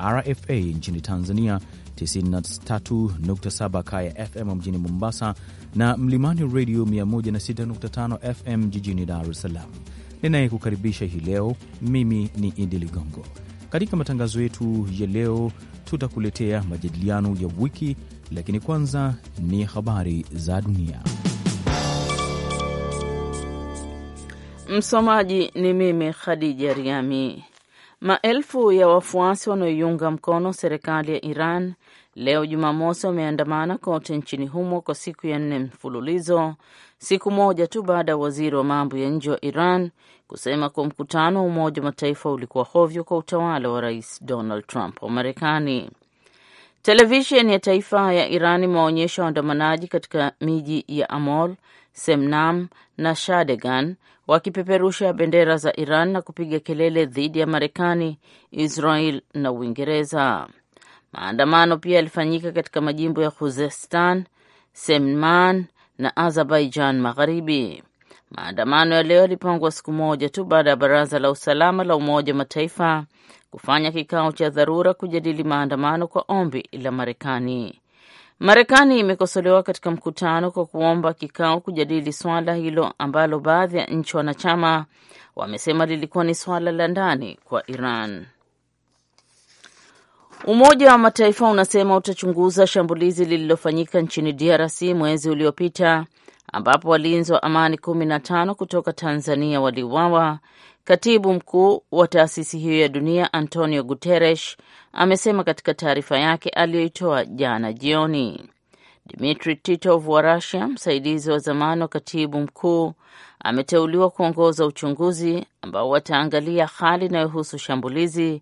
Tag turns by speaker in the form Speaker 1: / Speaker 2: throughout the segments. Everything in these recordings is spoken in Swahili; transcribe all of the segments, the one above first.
Speaker 1: RFA nchini Tanzania, 93.7 Kaya FM mjini Mombasa na Mlimani Radio 106.5 FM jijini Dar es Salaam. Ninayekukaribisha hii leo mimi ni Idi Ligongo. Katika matangazo yetu ya leo tutakuletea majadiliano ya wiki, lakini kwanza ni habari za dunia.
Speaker 2: Msomaji ni mimi Khadija Riami. Maelfu ya wafuasi wanaoiunga mkono serikali ya Iran leo Jumamosi wameandamana kote nchini humo kwa siku ya nne mfululizo, siku moja tu baada ya waziri wa mambo ya nje wa Iran kusema kuwa mkutano wa Umoja wa Mataifa ulikuwa hovyo kwa utawala wa Rais Donald Trump wa Marekani. Televisheni ya taifa ya Iran imewaonyesha waandamanaji katika miji ya Amol Semnam na Shadegan wakipeperusha bendera za Iran na kupiga kelele dhidi ya Marekani, Israel na Uingereza. Maandamano pia yalifanyika katika majimbo ya Khuzestan, Semnan na Azerbaijan Magharibi. Maandamano ya leo yalipangwa siku moja tu baada ya Baraza la Usalama la Umoja wa Mataifa kufanya kikao cha dharura kujadili maandamano kwa ombi la Marekani. Marekani imekosolewa katika mkutano kwa kuomba kikao kujadili swala hilo ambalo baadhi ya nchi wanachama wamesema lilikuwa ni swala la ndani kwa Iran. Umoja wa Mataifa unasema utachunguza shambulizi lililofanyika nchini DRC mwezi uliopita ambapo walinzi wa amani 15 kutoka Tanzania waliuawa Katibu mkuu wa taasisi hiyo ya dunia Antonio Guterres amesema katika taarifa yake aliyoitoa jana jioni. Dmitri Titov wa Rusia, msaidizi wa zamani wa katibu mkuu, ameteuliwa kuongoza uchunguzi ambao wataangalia hali inayohusu shambulizi,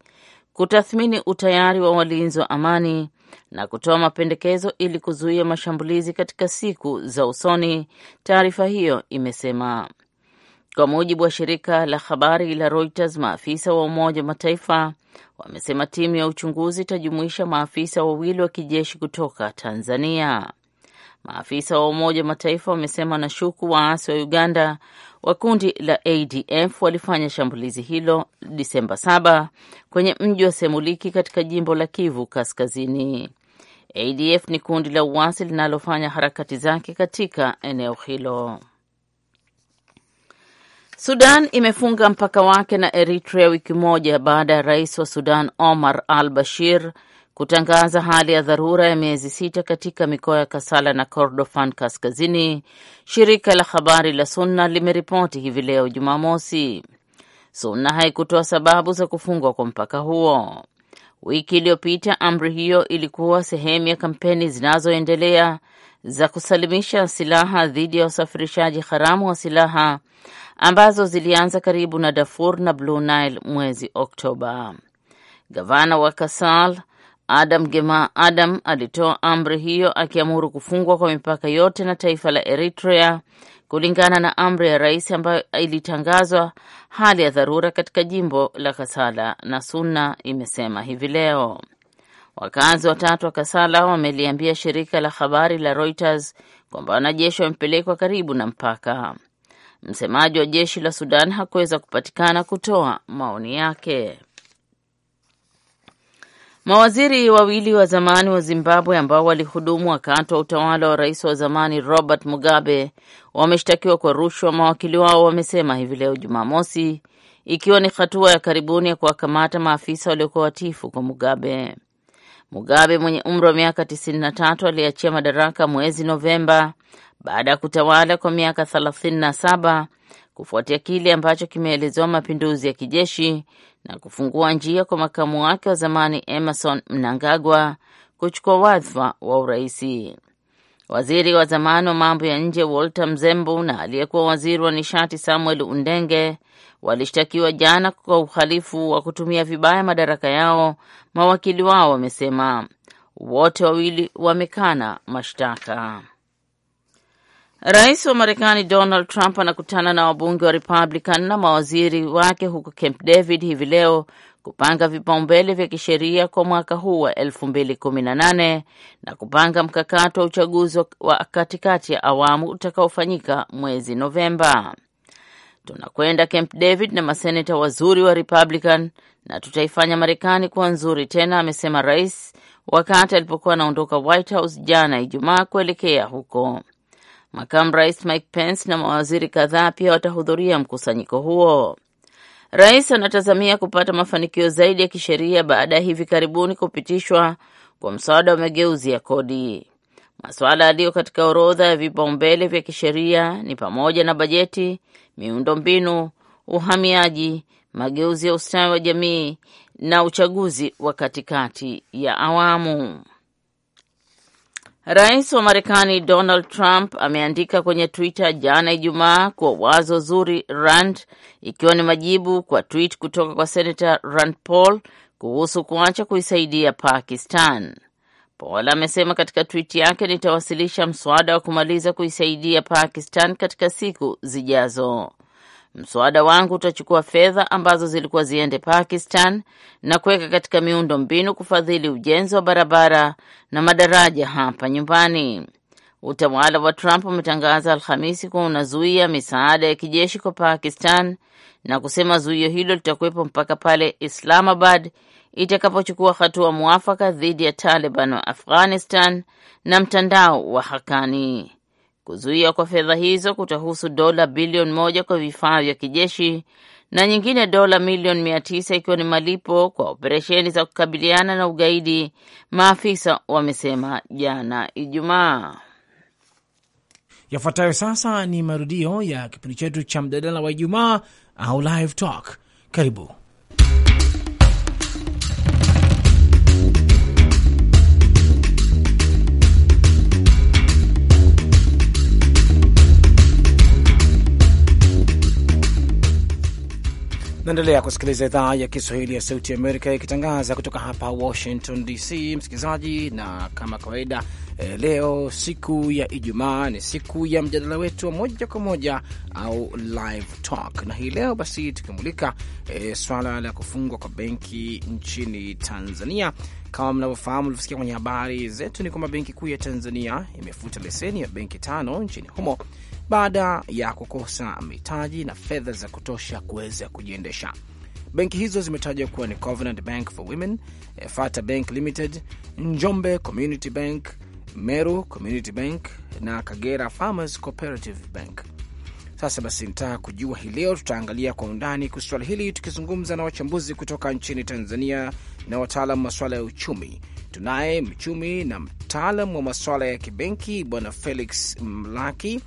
Speaker 2: kutathmini utayari wa walinzi wa amani na kutoa mapendekezo ili kuzuia mashambulizi katika siku za usoni, taarifa hiyo imesema. Kwa mujibu wa shirika la habari la Reuters, maafisa wa Umoja wa Mataifa wamesema timu ya uchunguzi itajumuisha maafisa wawili wa kijeshi kutoka Tanzania. Maafisa wa Umoja wa Mataifa wamesema wanashuku waasi wa Uganda wa kundi la ADF walifanya shambulizi hilo Disemba 7 kwenye mji wa Semuliki katika jimbo la Kivu Kaskazini. ADF ni kundi la uasi linalofanya harakati zake katika eneo hilo. Sudan imefunga mpaka wake na Eritrea wiki moja baada ya rais wa Sudan Omar al Bashir kutangaza hali ya dharura ya miezi sita katika mikoa ya Kasala na Kordofan Kaskazini. Shirika la habari la Sunna limeripoti hivi leo Jumamosi. Sunna haikutoa sababu za kufungwa kwa mpaka huo. Wiki iliyopita amri hiyo ilikuwa sehemu ya kampeni zinazoendelea za kusalimisha silaha dhidi ya wasafirishaji haramu wa silaha ambazo zilianza karibu na Darfur na Blue Nile mwezi Oktoba. Gavana wa Kasal Adam Gema Adam alitoa amri hiyo akiamuru kufungwa kwa mipaka yote na taifa la Eritrea kulingana na amri ya rais ambayo ilitangazwa hali ya dharura katika jimbo la Kasala na Sunna imesema hivi leo. Wakazi watatu wa Kasala wameliambia shirika la habari la Reuters kwamba wanajeshi wamepelekwa karibu na mpaka. Msemaji wa jeshi la Sudan hakuweza kupatikana kutoa maoni yake. Mawaziri wawili wa zamani wa Zimbabwe ambao walihudumu wakati wa utawala wa rais wa zamani Robert Mugabe wameshtakiwa kwa rushwa, mawakili wao wamesema hivi leo Jumamosi, ikiwa ni hatua ya karibuni ya kuwakamata maafisa waliokuwa watifu kwa Mugabe. Mugabe mwenye umri wa miaka 93 aliyeachia madaraka mwezi Novemba baada ya kutawala kwa miaka 37 kufuatia kile ambacho kimeelezewa mapinduzi ya kijeshi na kufungua njia kwa makamu wake wa zamani Emerson Mnangagwa kuchukua wadhifa wa uraisi. Waziri wa zamani wa mambo ya nje Walter Mzembu na aliyekuwa waziri wa nishati Samuel Undenge walishtakiwa jana kwa uhalifu wa kutumia vibaya madaraka yao, mawakili wao wamesema. Wote wawili wamekana mashtaka. Rais wa Marekani Donald Trump anakutana na wabunge wa Republican na mawaziri wake huko Camp David hivi leo kupanga vipaumbele vya kisheria kwa mwaka huu wa 2018 na kupanga mkakati wa uchaguzi wa katikati ya awamu utakaofanyika mwezi Novemba. Tunakwenda Camp David na maseneta wazuri wa Republican na tutaifanya Marekani kuwa nzuri tena, amesema rais wakati alipokuwa anaondoka White House jana Ijumaa kuelekea huko. Makamu Rais Mike Pence na mawaziri kadhaa pia watahudhuria mkusanyiko huo. Rais anatazamia kupata mafanikio zaidi ya kisheria baada ya hivi karibuni kupitishwa kwa mswada wa mageuzi ya kodi. Masuala yaliyo katika orodha ya vipaumbele vya kisheria ni pamoja na bajeti, miundo mbinu uhamiaji, mageuzi ya ustawi wa jamii na uchaguzi wa katikati ya awamu. Rais wa Marekani Donald Trump ameandika kwenye Twitter jana Ijumaa kuwa wazo zuri Rand, ikiwa ni majibu kwa tweet kutoka kwa senata Rand Paul kuhusu kuacha kuisaidia Pakistan. Paul amesema katika twiti yake, nitawasilisha mswada wa kumaliza kuisaidia Pakistan katika siku zijazo. Mswada wangu utachukua fedha ambazo zilikuwa ziende Pakistan na kuweka katika miundo mbinu kufadhili ujenzi wa barabara na madaraja hapa nyumbani. Utawala wa Trump umetangaza Alhamisi kuwa unazuia misaada ya kijeshi kwa Pakistan na kusema zuio hilo litakuwepo mpaka pale Islamabad itakapochukua hatua mwafaka dhidi ya Taliban wa Afghanistan na mtandao wa Hakani. Kuzuia kwa fedha hizo kutahusu dola bilioni moja kwa vifaa vya kijeshi na nyingine dola milioni mia tisa ikiwa ni malipo kwa operesheni za kukabiliana na ugaidi, maafisa wamesema jana Ijumaa.
Speaker 3: Yafuatayo sasa ni marudio ya kipindi chetu cha mjadala wa Ijumaa au Live Talk. Karibu. Naendelea kusikiliza idhaa ya Kiswahili ya Sauti Amerika ikitangaza kutoka hapa Washington DC, msikilizaji. Na kama kawaida, eh, leo siku ya Ijumaa ni siku ya mjadala wetu wa moja kwa moja au live talk, na hii leo basi tukimulika e, swala la kufungwa kwa benki nchini Tanzania. Kama mnavyofahamu, ulivyosikia kwenye habari zetu, ni kwamba Benki Kuu ya Tanzania imefuta leseni ya benki tano nchini humo baada ya kukosa mitaji na fedha za kutosha kuweza kujiendesha. Benki hizo zimetajwa kuwa ni Covenant Bank for Women, Fata Bank Limited, Njombe Community Bank, Meru Community Bank na Kagera Farmers Cooperative Bank. Sasa basi, nitaka kujua hii leo, tutaangalia kwa undani kuhusu swala hili tukizungumza na wachambuzi kutoka nchini Tanzania na wataalam masuala ya uchumi. Tunaye mchumi na mtaalam wa masuala ya kibenki Bwana Felix Mlaki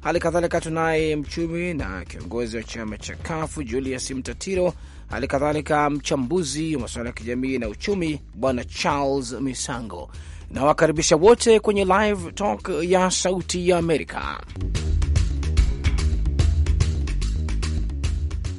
Speaker 3: Hali kadhalika tunaye mchumi na kiongozi wa chama cha Kafu Julius Mtatiro, hali kadhalika mchambuzi wa masuala ya kijamii na uchumi bwana Charles Misango. Nawakaribisha wote kwenye live talk ya Sauti ya Amerika.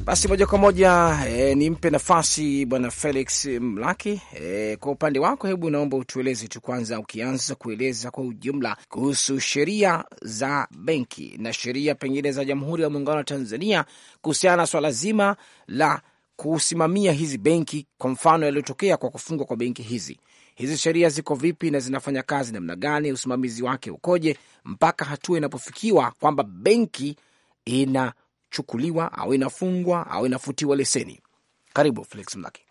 Speaker 3: Basi moja kwa moja e, nimpe nafasi bwana Felix Mlaki. E, kwa upande wako, hebu naomba utueleze tu kwanza, ukianza kueleza kwa ujumla kuhusu sheria za benki na sheria pengine za Jamhuri ya Muungano wa Tanzania kuhusiana na swala zima la kusimamia hizi benki, kwa mfano yaliyotokea kwa kufungwa kwa benki hizi. Hizi sheria ziko vipi na zinafanya kazi namna gani? Usimamizi wake ukoje mpaka hatua inapofikiwa kwamba benki ina inachukuliwa au inafungwa au inafutiwa leseni? Karibu Felix Mlaki.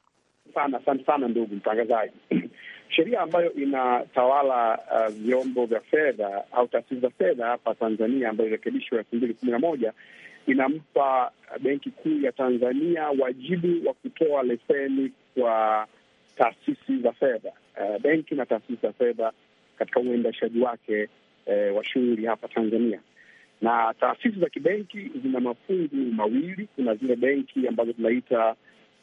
Speaker 4: Sana asante sana ndugu mtangazaji. Sheria ambayo inatawala uh, vyombo vya fedha au taasisi za fedha hapa Tanzania ambayo irekebishwa elfu mbili kumi na moja inampa Benki Kuu ya Tanzania wajibu wa kutoa leseni kwa taasisi za fedha uh, benki na taasisi za fedha katika uendeshaji wake uh, wa shughuli hapa Tanzania na taasisi za kibenki zina mafungu mawili. Kuna zile benki ambazo tunaita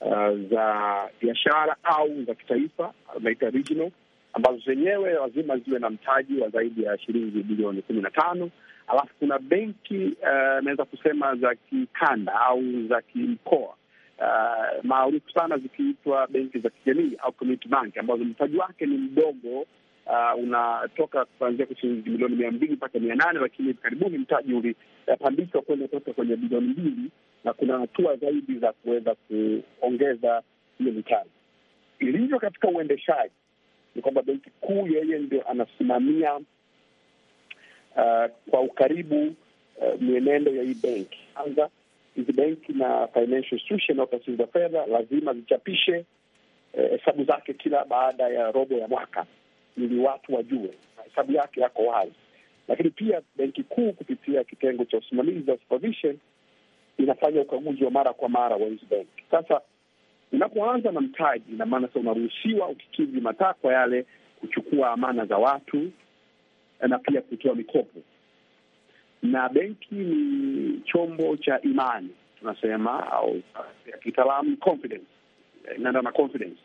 Speaker 4: uh, za biashara au za kitaifa, unaita regional, ambazo zenyewe lazima ziwe na mtaji wa zaidi ya shilingi bilioni kumi na tano. Alafu kuna benki uh, naweza uh, kusema za kikanda au za kimkoa uh, maarufu sana zikiitwa benki za kijamii au community bank ambazo mtaji wake ni mdogo uh, unatoka kuanzia kwa shilingi milioni mia mbili mpaka mia nane lakini hivi karibuni mtaji ulipandishwa kwenda sasa kwenye bilioni mbili na kuna hatua zaidi za kuweza kuongeza hiyo mitaji. Ilivyo katika uendeshaji ni kwamba benki kuu yeye ndio anasimamia uh, kwa ukaribu uh, mienendo ya hii benki. Kwanza hizi benki na financial institution au taasisi za fedha lazima zichapishe uh, hesabu eh, zake kila baada ya robo ya mwaka ili watu wajue hesabu yake yako wazi. Lakini pia benki kuu kupitia kitengo cha usimamizi za supervision inafanya ukaguzi wa mara kwa mara wa hizi benki. Sasa unapoanza na mtaji, ina maana sasa unaruhusiwa ukikidhi matakwa yale, kuchukua amana za watu eh, na pia kutoa mikopo, na benki ni chombo cha imani tunasema, au ya kitaalamu confidence, eh, inaenda na confidence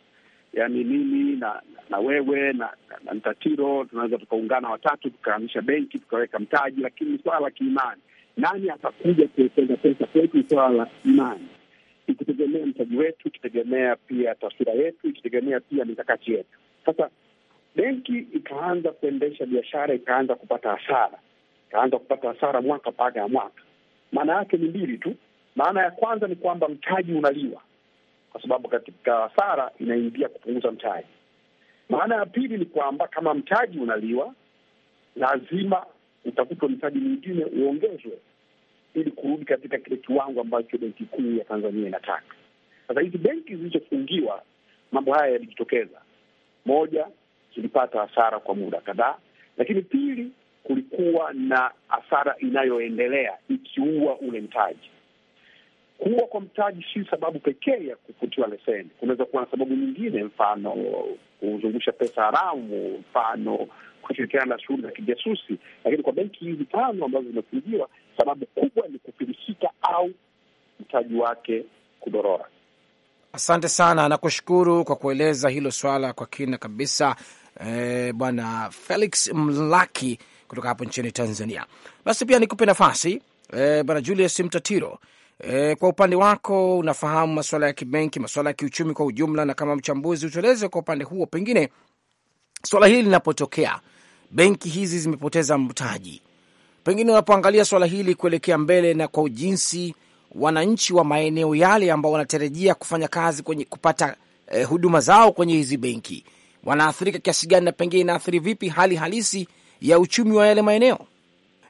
Speaker 4: yani mimi na na wewe na, na, na Mtatiro tunaweza tukaungana watatu tukahamisha benki tukaweka mtaji, lakini swala la kiimani. Nani atakuja kuwekeza pesa kwetu? Ni swala la imani, ikitegemea mtaji wetu, ikitegemea pia taswira yetu, ikitegemea pia mikakati yetu. Sasa benki ikaanza kuendesha biashara, ikaanza kupata hasara, ikaanza kupata hasara mwaka baada ya mwaka. Maana yake ni mbili tu. Maana ya kwanza ni kwamba mtaji unaliwa kwa sababu katika hasara inaingia kupunguza mtaji. Maana ya pili ni kwamba kama mtaji unaliwa, lazima utafutwa mtaji mwingine uongezwe ili kurudi katika kile kiwango ambacho benki kuu ya Tanzania inataka. Sasa hizi benki zilizofungiwa, mambo haya yalijitokeza. Moja, zilipata hasara kwa muda kadhaa, lakini pili, kulikuwa na hasara inayoendelea ikiua ule mtaji kuwa kwa mtaji si sababu pekee ya kufutiwa leseni. Kunaweza kuwa na sababu nyingine, mfano kuzungusha pesa haramu, mfano kushirikiana na shughuli za kijasusi. Lakini kwa benki hizi tano ambazo zimefungiwa, sababu kubwa ni kufilisika au mtaji wake kudorora.
Speaker 3: Asante sana, nakushukuru kwa kueleza hilo swala kwa kina kabisa. Eh, Bwana Felix Mlaki kutoka hapo nchini Tanzania. Basi pia nikupe nafasi eh, Bwana Julius Mtatiro E, kwa upande wako unafahamu masuala ya kibenki, masuala ya kiuchumi kwa ujumla, na kama mchambuzi utueleze kwa upande huo, pengine swala hili linapotokea, benki hizi zimepoteza mtaji, pengine unapoangalia swala hili kuelekea mbele na kwa jinsi wananchi wa maeneo yale ambao wanatarajia kufanya kazi kwenye kupata eh, huduma zao kwenye hizi benki wanaathirika kiasi gani, na pengine inaathiri vipi hali halisi ya uchumi wa yale maeneo?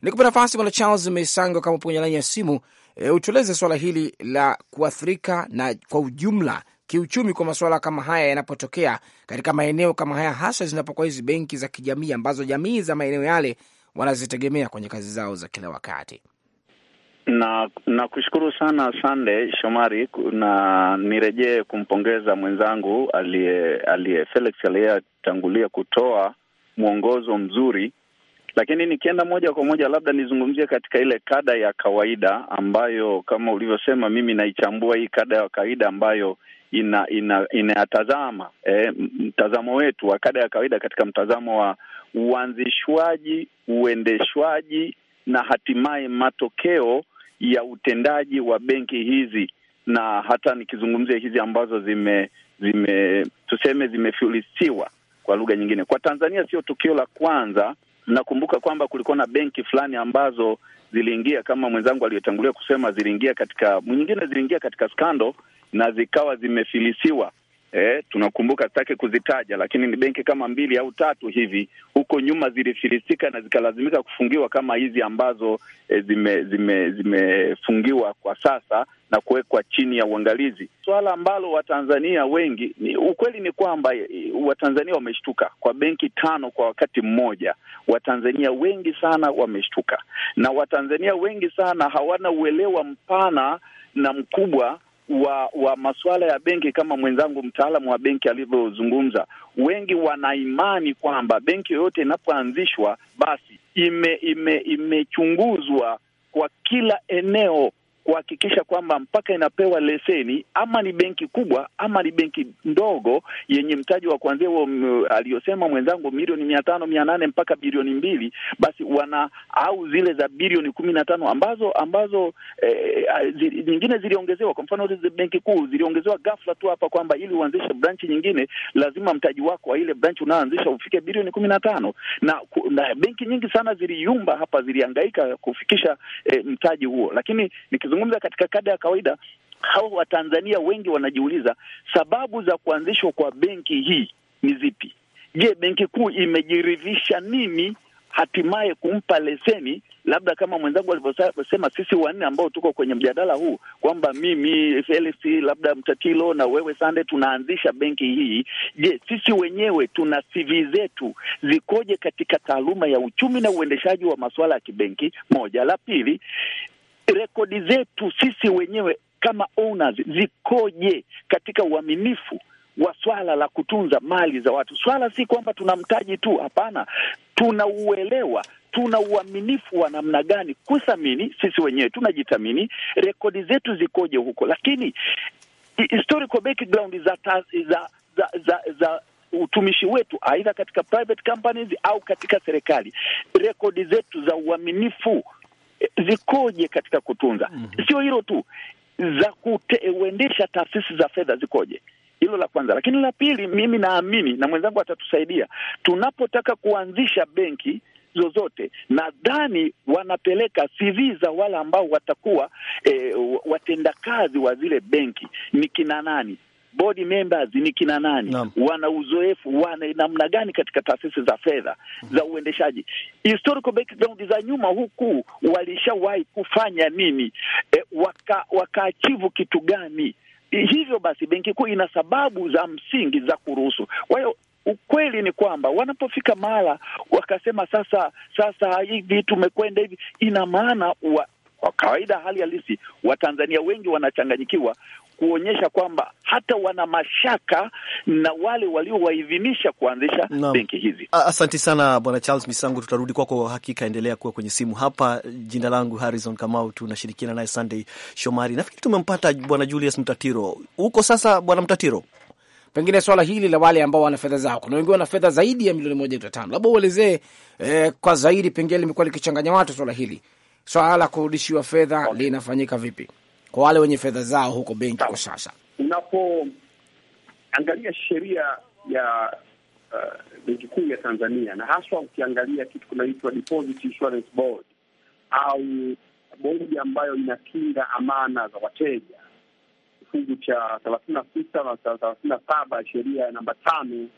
Speaker 3: Nikupe nafasi Bwana Charles Mesango, kama kwenye laini ya simu E, utueleze swala hili la kuathirika na kwa ujumla kiuchumi kwa masuala kama haya yanapotokea katika maeneo kama haya, hasa zinapokuwa hizi benki za kijamii ambazo jamii za maeneo yale wanazitegemea kwenye kazi zao za kila wakati.
Speaker 4: Na nakushukuru sana Sande Shomari, na nirejee kumpongeza mwenzangu aliye aliye Felix aliyetangulia kutoa mwongozo mzuri lakini nikienda moja kwa moja, labda nizungumzie katika ile kada ya kawaida ambayo kama ulivyosema, mimi naichambua hii kada ya kawaida ambayo ina inayatazama ina eh, mtazamo wetu wa kada ya kawaida katika mtazamo wa uanzishwaji, uendeshwaji na hatimaye matokeo ya utendaji wa benki hizi, na hata nikizungumzia hizi ambazo zime, zime tuseme zimefilisiwa kwa lugha nyingine. Kwa Tanzania sio tukio la kwanza Mnakumbuka kwamba kulikuwa na benki fulani ambazo ziliingia kama mwenzangu aliyotangulia kusema, ziliingia katika nyingine, ziliingia katika skando na zikawa zimefilisiwa. Eh, tunakumbuka, sitaki kuzitaja, lakini ni benki kama mbili au tatu hivi huko nyuma zilifilisika na zikalazimika kufungiwa kama hizi ambazo eh, zime zimefungiwa zime kwa sasa na kuwekwa chini ya uangalizi, swala ambalo Watanzania wengi ni, ukweli ni kwamba eh, Watanzania wameshtuka kwa benki tano kwa wakati mmoja. Watanzania wengi sana wameshtuka, na Watanzania wengi sana hawana uelewa mpana na mkubwa wa wa masuala ya benki kama mwenzangu mtaalamu wa benki alivyozungumza. Wengi wanaimani kwamba benki yoyote inapoanzishwa basi ime- imechunguzwa ime kwa kila eneo kuhakikisha kwamba mpaka inapewa leseni, ama ni benki kubwa ama ni benki ndogo yenye mtaji wa kuanzia huo mm, aliyosema mwenzangu milioni mia tano mia nane mpaka bilioni mbili, basi wana au zile za bilioni kumi na tano ambazo ambazo eh, eh zi, nyingine ziliongezewa. Kwa mfano zile benki kuu ziliongezewa ghafla tu hapa kwamba ili uanzishe branchi nyingine lazima mtaji wako wa ile branchi unaoanzisha ufike bilioni kumi na tano na, na benki nyingi sana ziliumba hapa, ziliangaika kufikisha eh, mtaji huo, lakini Nikizungumza katika kada ya kawaida, hawa Watanzania wengi wanajiuliza sababu za kuanzishwa kwa benki hii ni zipi? Je, benki kuu imejiridhisha nini hatimaye kumpa leseni? Labda kama mwenzangu alivyosema, sisi wanne ambao tuko kwenye mjadala huu kwamba mimi Felix, labda Mtatilo na wewe Sande, tunaanzisha benki hii. Je, sisi wenyewe tuna CV zetu zikoje katika taaluma ya uchumi na uendeshaji wa masuala ya kibenki? Moja. La pili, rekodi zetu sisi wenyewe kama owners zikoje katika uaminifu wa swala la kutunza mali za watu. Swala si kwamba tunamtaji tu, hapana, tunauelewa tuna uaminifu wa namna gani kuthamini sisi wenyewe, tunajithamini, rekodi zetu zikoje huko. Lakini historical background za, za, za, za, za, za utumishi wetu aidha katika private companies au katika serikali, rekodi zetu za uaminifu zikoje katika kutunza mm -hmm. Sio hilo tu, za kuendesha taasisi za fedha zikoje? Hilo la kwanza, lakini la pili, mimi naamini na mwenzangu atatusaidia, tunapotaka kuanzisha benki zozote nadhani wanapeleka CV za wale ambao watakuwa e, watendakazi wa zile benki ni kina nani, board members ni kina nani Naam. wana uzoefu wana namna gani katika taasisi za fedha za uendeshaji, historical background za nyuma, huku walishawahi kufanya nini, e, waka wakaachivu kitu gani? Hivyo basi benki kuu ina sababu za msingi za kuruhusu. Kwa hiyo ukweli ni kwamba wanapofika mahala wakasema sasa sasa hivi tumekwenda hivi, ina maana kwa kawaida hali halisi, Watanzania wengi wanachanganyikiwa kuonyesha kwamba hata wana mashaka na wale waliowaidhinisha kuanzisha benki hizi.
Speaker 1: Asante sana Bwana Charles Misango, tutarudi kwako kwa hakika. Endelea kuwa kwenye simu hapa. Jina langu
Speaker 3: Harrison Kamau, tunashirikiana naye Sunday Shomari. Nafikiri tumempata Bwana Julius Mtatiro huko sasa. Bwana Mtatiro, pengine swala hili la wale ambao wana fedha zao, kuna wengi wana fedha zaidi ya milioni moja nukta tano labda uelezee eh, kwa zaidi, pengine limekuwa likichanganya watu swala hili swala la kurudishiwa fedha okay, linafanyika vipi kwa wale wenye fedha zao huko benki kwa sasa?
Speaker 4: Unapoangalia sheria ya uh, benki kuu ya Tanzania na haswa ukiangalia kitu kunaitwa Deposit Insurance Board au bodi ambayo inakinga amana za wateja, kifungu cha thelathini na sita na thelathini na saba sheria ya namba tano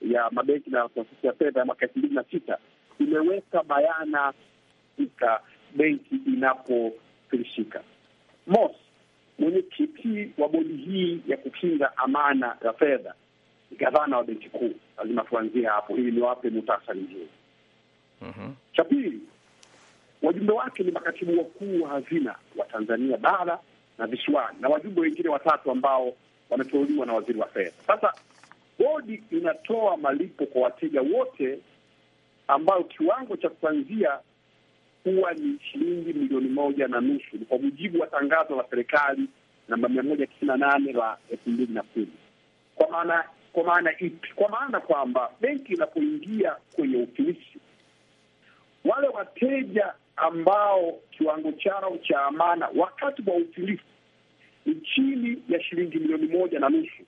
Speaker 4: ya mabenki na taasisi ya fedha ya mwaka elfu mbili na sita imeweka bayana katika benki inapofirishika mos mwenyekiti wa bodi hii ya kukinga amana ya fedha ni gavana wa benki kuu. Lazima tuanzie hapo, hili niwape muhtasari mzuri. mm-hmm. Cha pili, wajumbe wake ni makatibu wakuu wa hazina wa Tanzania bara na visiwani na wajumbe wengine watatu ambao wameteuliwa na waziri wa fedha. Sasa bodi inatoa malipo kwa wateja wote ambayo kiwango cha kuanzia kuwa ni shilingi milioni moja na nusu kwa mujibu wa tangazo la serikali namba mia moja tisini na nane la elfu mbili na kumi kwa maana kwa maana ipi? Kwa maana kwamba benki inapoingia kwenye utilisi, wale wateja ambao kiwango chao cha amana wakati wa utilifu ni chini ya shilingi milioni moja na nusu,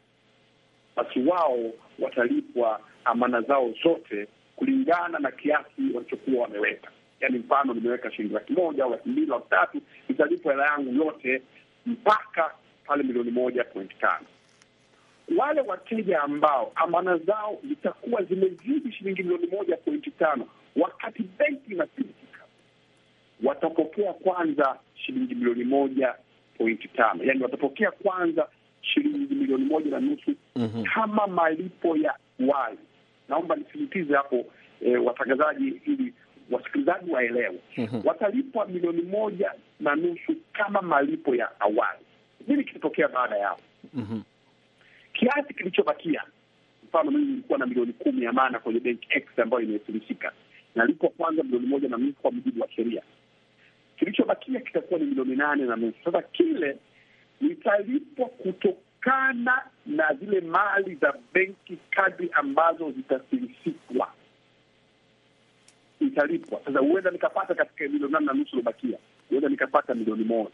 Speaker 4: basi wao watalipwa amana zao zote kulingana na kiasi walichokuwa wameweka yani mfano nimeweka shilingi laki moja au laki mbili laki tatu, nitalipwa hela yangu yote mpaka pale milioni moja pointi tano. Wale wateja ambao amana zao zitakuwa zimezidi shilingi milioni moja pointi tano wakati benki inapitika, watapokea kwanza shilingi milioni moja pointi tano, yani watapokea kwanza shilingi milioni moja na nusu mm -hmm. kama malipo ya wali Naomba nisisitize hapo eh, watangazaji, ili wasikilizaji waelewe, mhm. watalipwa milioni moja na nusu kama malipo ya awali. Nini kilitokea baada yao? Mhm. Kiasi kilichobakia, mfano mimi nilikuwa na milioni kumi ya mana kwenye benki X ambayo imetumishika, nalipwa kwanza milioni moja na nusu kwa mujibu wa sheria. Kilichobakia kitakuwa ni milioni nane na nusu. Sasa kile nitalipwa kutokana na zile mali za benki kadri ambazo zitasilisika italipwa. Sasa huenda nikapata katika milioni nane na nusu iliyobakia, huenda nikapata milioni moja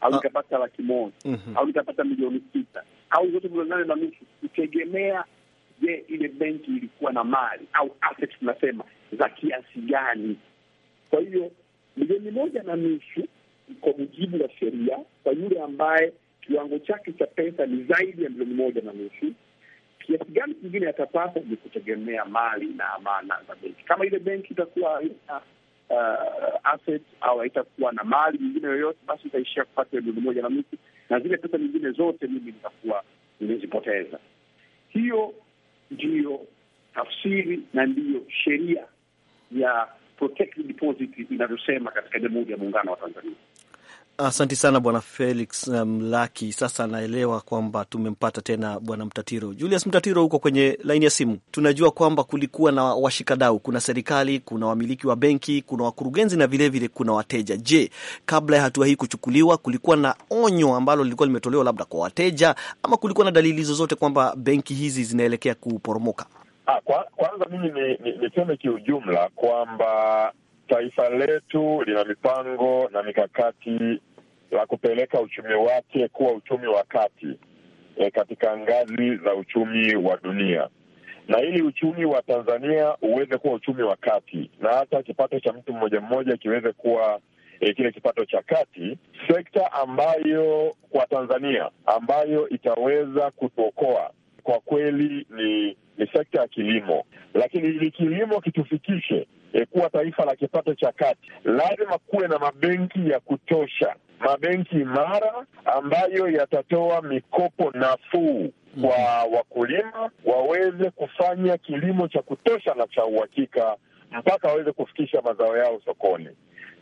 Speaker 4: au ah. nikapata laki moja mm -hmm. au nikapata milioni sita au zote milioni nane na nusu, kutegemea je, ile benki ilikuwa na mali au assets tunasema za kiasi gani? Kwa hiyo milioni moja na nusu kwa mujibu wa sheria, kwa yule ambaye kiwango chake cha pesa ni zaidi ya milioni moja na nusu kiasi gani kingine yatapasa ni kutegemea mali na amana za benki. Kama ile benki itakuwa haina uh, asset au haitakuwa na mali nyingine yoyote, basi itaishia kupata milioni moja na nusu, na zile pesa nyingine zote mimi nitakuwa nimezipoteza. Hiyo ndiyo tafsiri na ndiyo sheria ya protected deposit inavyosema katika Jamhuri ya Muungano wa Tanzania
Speaker 1: asanti sana bwana Felix Mlaki. Um, sasa naelewa kwamba tumempata tena bwana Mtatiro, Julius Mtatiro huko kwenye laini ya simu. Tunajua kwamba kulikuwa na washikadau, kuna serikali, kuna wamiliki wa benki, kuna wakurugenzi na vilevile vile kuna wateja. Je, kabla ya hatua hii kuchukuliwa, kulikuwa na onyo ambalo lilikuwa limetolewa labda kwa wateja, ama kulikuwa na dalili zozote kwamba benki hizi zinaelekea kuporomoka? Ha, ah,
Speaker 4: kwa, kwanza mimi niseme kiujumla kwamba taifa letu lina mipango na mikakati la kupeleka uchumi wake kuwa uchumi wa kati e, katika ngazi za uchumi wa dunia, na ili uchumi wa Tanzania uweze kuwa uchumi wa kati na hata kipato cha mtu mmoja mmoja kiweze kuwa e, kile kipato cha kati, sekta ambayo kwa Tanzania ambayo itaweza kutuokoa kwa kweli ni, ni sekta ya kilimo, lakini ili kilimo kitufikishe e, kuwa taifa la kipato cha kati, lazima kuwe na mabenki ya kutosha, mabenki imara ambayo yatatoa mikopo nafuu kwa wakulima waweze kufanya kilimo cha kutosha na cha uhakika mpaka waweze kufikisha mazao yao sokoni.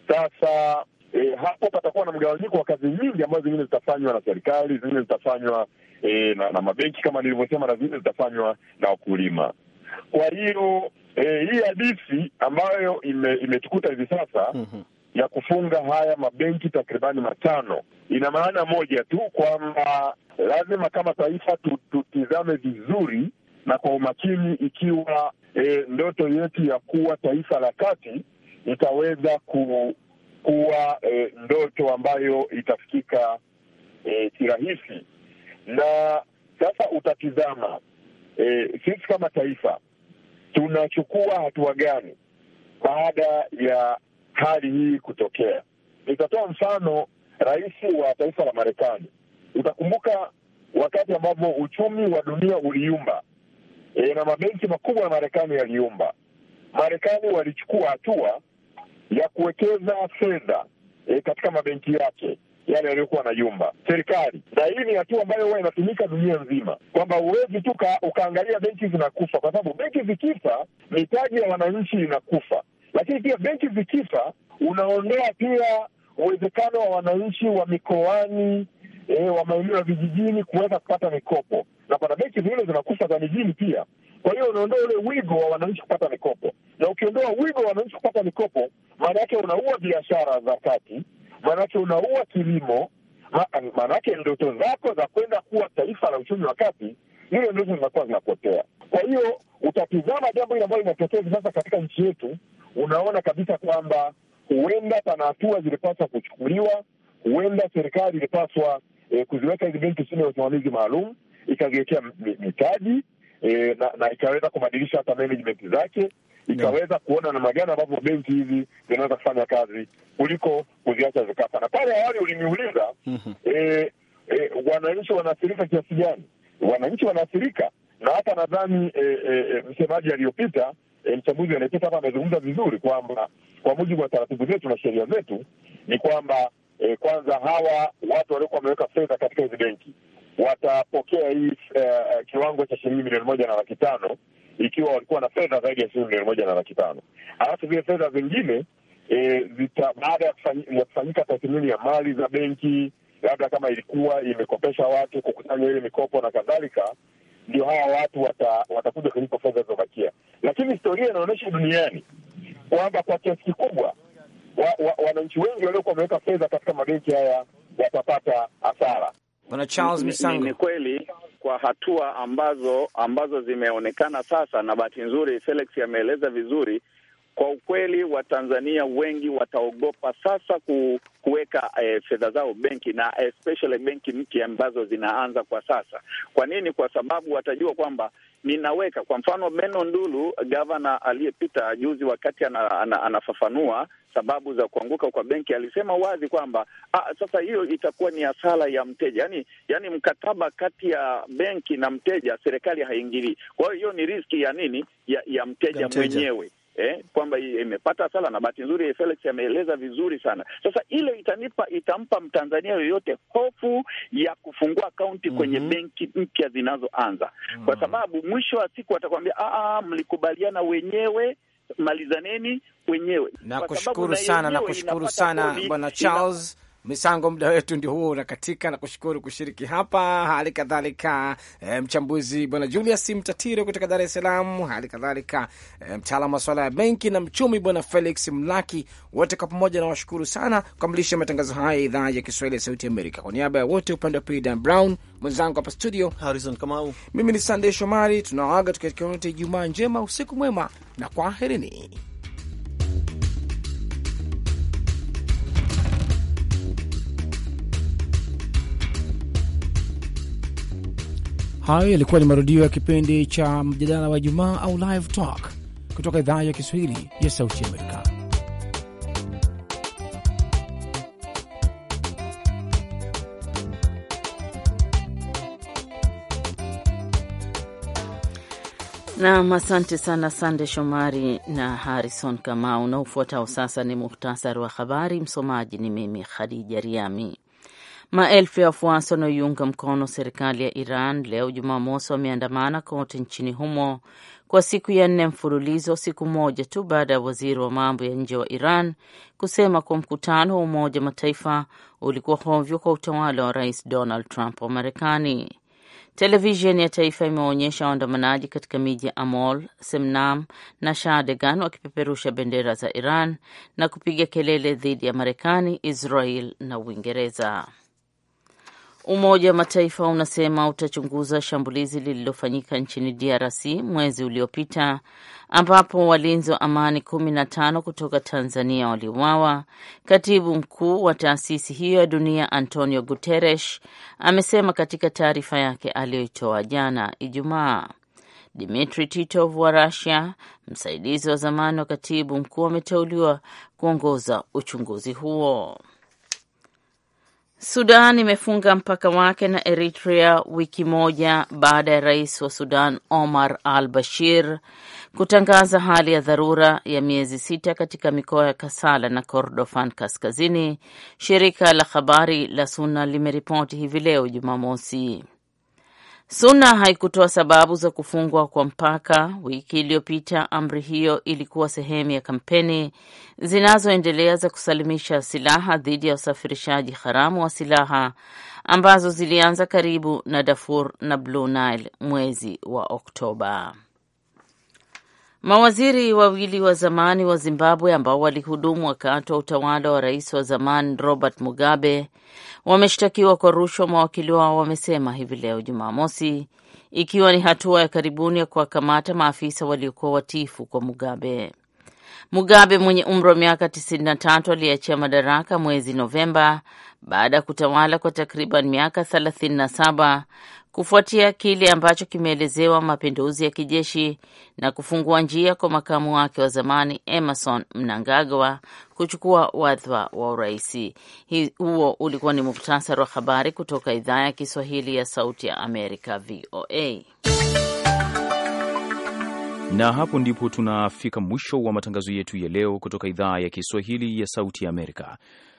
Speaker 4: Sasa e, hapo patakuwa na mgawanyiko wa kazi nyingi ambazo zingine zitafanywa na serikali, zingine zitafanywa e, na, na mabenki kama nilivyosema, na zingine zitafanywa na wakulima. Kwa hiyo eh, hii hadithi ambayo imetukuta ime hivi sasa mm -hmm ya kufunga haya mabenki takribani matano ina maana moja tu kwamba lazima kama taifa tutizame vizuri na kwa umakini ikiwa e, ndoto yetu ya kuwa taifa la kati itaweza ku, kuwa e, ndoto ambayo itafikika e, kirahisi. Na sasa utatizama e, sisi kama taifa tunachukua hatua gani baada ya hali hii kutokea? Nitatoa mfano, rais wa taifa la Marekani, utakumbuka wakati ambapo uchumi wa dunia uliumba e, na mabenki makubwa ya Marekani yaliumba, Marekani walichukua hatua ya kuwekeza fedha e, katika mabenki yake yale yaliyokuwa na jumba serikali. Na hii ni hatua ambayo huwa inatumika dunia nzima, kwamba huwezi tu ukaangalia benki zinakufa, kwa sababu benki zikifa mitaji ya wananchi inakufa, lakini pia benki zikifa unaondoa pia uwezekano wa wananchi wa mikoani E, wa maeneo ya vijijini kuweza kupata mikopo, na kana benki zingine zinakufa za mijini pia. Kwa hiyo unaondoa ule wigo wa wananchi kupata mikopo, na ukiondoa wigo wa wananchi kupata mikopo, maana yake unaua biashara za kati, maanake unaua kilimo, maanake ndoto zako za kwenda kuwa taifa la uchumi wa kati, zile ndoto zinakuwa zinapotea. Kwa hiyo utatizama jambo hili ambalo linatokea sasa katika nchi yetu, unaona kabisa kwamba huenda pana hatua zilipaswa kuchukuliwa, huenda serikali ilipaswa eh, kuziweka hizi benki chini ya usimamizi maalum, ikaziwekea mitaji eh, na, na ikaweza kubadilisha hata management zake ikaweza kuona namna gani ambavyo benki hizi zinaweza kufanya kazi kuliko kuziacha zikafa. Na pale awali -hmm. e, e, wananchi wanaathirika kiasi gani? Wananchi wanaathirika na hapa nadhani e, e, msemaji aliyopita e, mchambuzi anayepita hapa amezungumza vizuri kwamba kwa mujibu wa taratibu zetu na sheria zetu ni kwamba e, kwanza hawa watu waliokuwa wameweka fedha katika hizi benki watapokea hii uh, kiwango cha shilingi milioni moja na laki tano ikiwa walikuwa na fedha zaidi ya shilingi milioni moja na laki tano alafu zile fedha zingine e, zita baada ya kufanyika tathmini ya mali za benki, labda kama ilikuwa imekopesha watu kukusanya ile mikopo na kadhalika, ndio hawa watu wata, watakuja kulipa fedha zilizobakia. Lakini historia inaonyesha duniani kwamba kwa kiasi kikubwa wananchi wa, wa, wengi waliokuwa wameweka fedha katika mabenki haya watapata hasara. Bwana Charles Misango, ni kweli kwa hatua ambazo ambazo zimeonekana sasa, na bahati nzuri Felix ameeleza vizuri. Kwa ukweli, Watanzania wengi wataogopa sasa kuweka eh, fedha zao benki na especially benki mpya ambazo zinaanza kwa sasa. Kwa nini? Kwa sababu watajua kwamba ninaweka, kwa mfano Meno Ndulu, gavana aliyepita juzi, wakati anafafanua ana, ana sababu za kuanguka kwa benki, alisema wazi kwamba ah, sasa hiyo itakuwa ni hasara ya mteja, yani, yani mkataba kati ya benki na mteja, serikali haingilii. Kwa hiyo hiyo ni riski ya nini, ya, ya mteja, mteja mwenyewe Eh, kwamba imepata sala na bahati nzuri Felix ameeleza vizuri sana. Sasa ile itanipa itampa Mtanzania yoyote hofu ya kufungua akaunti mm -hmm. kwenye mhm. benki mpya zinazoanza mm -hmm. kwa mhm. sababu mwisho wa siku atakwambia ah, ah, mlikubaliana wenyewe malizaneni wenyewe. Nakushukuru sana, nakushukuru sana Bwana Charles
Speaker 3: ina... Misango, muda wetu ndio huo unakatika, na kushukuru kushiriki hapa, hali kadhalika e, mchambuzi bwana Julius Mtatiro kutoka Dar es Salaam, hali kadhalika e, mtaalamu wa swala ya benki na mchumi bwana Felix Mlaki, wote kwa pamoja na washukuru sana kukamilisha matangazo haya ya idhaa ya Kiswahili ya Sauti Amerika. Kwa niaba ya wote upande wa pili, Dan Brown mwenzangu hapa studio Harrison Kamau, mimi ni Sandey Shomari, tunawaaga tukiaote Ijumaa njema, usiku mwema na kwaherini. Hayo yalikuwa ni marudio ya kipindi cha mjadala wa Jumaa au Live Talk kutoka idhaa ya Kiswahili ya Sauti Amerika.
Speaker 2: Nam, asante sana Sande Shomari na Harrison Kamau. Na ufuatao sasa ni muhtasari wa habari. Msomaji ni mimi Khadija Riami. Maelfu ya wafuasi wanaoiunga mkono serikali ya Iran leo Jumamosi wameandamana kote nchini humo kwa siku ya nne mfululizo, siku moja tu baada ya waziri wa mambo ya nje wa Iran kusema kuwa mkutano wa Umoja wa Mataifa ulikuwa hovyo kwa utawala wa Rais Donald Trump wa Marekani. Televisheni ya taifa imewaonyesha waandamanaji katika miji ya Amol, Semnam na Shadegan wakipeperusha bendera za Iran na kupiga kelele dhidi ya Marekani, Israel na Uingereza. Umoja wa Mataifa unasema utachunguza shambulizi lililofanyika nchini DRC mwezi uliopita ambapo walinzi wa amani kumi na tano kutoka Tanzania waliuawa. Katibu mkuu wa taasisi hiyo ya dunia Antonio Guterres amesema katika taarifa yake aliyoitoa jana Ijumaa. Dmitri Titov wa rasia msaidizi wa zamani wa katibu mkuu, ameteuliwa kuongoza uchunguzi huo. Sudan imefunga mpaka wake na Eritrea wiki moja baada ya rais wa Sudan Omar al Bashir kutangaza hali ya dharura ya miezi sita katika mikoa ya Kasala na Kordofan Kaskazini, shirika la habari la Suna limeripoti hivi leo Jumamosi. Suna haikutoa sababu za kufungwa kwa mpaka. Wiki iliyopita, amri hiyo ilikuwa sehemu ya kampeni zinazoendelea za kusalimisha silaha dhidi ya usafirishaji haramu wa silaha ambazo zilianza karibu na Darfur na Blue Nile mwezi wa Oktoba. Mawaziri wawili wa zamani wa Zimbabwe ambao walihudumu wakati wa utawala wa rais wa zamani Robert Mugabe wameshtakiwa kwa rushwa, mawakili wao wamesema hivi leo Jumamosi, ikiwa ni hatua ya karibuni ya kuwakamata maafisa waliokuwa watifu kwa Mugabe. Mugabe mwenye umri wa miaka 93 aliyeachia madaraka mwezi Novemba baada ya kutawala kwa takriban miaka 37 kufuatia kile ambacho kimeelezewa mapinduzi ya kijeshi na kufungua njia kwa makamu wake wa zamani Emerson Mnangagwa kuchukua wadhifa wa uraisi. Huo ulikuwa ni muktasari wa habari kutoka idhaa ya Kiswahili ya Sauti ya Amerika, VOA.
Speaker 1: Na hapo ndipo tunafika mwisho wa matangazo yetu ya leo kutoka idhaa ya Kiswahili ya Sauti ya Amerika.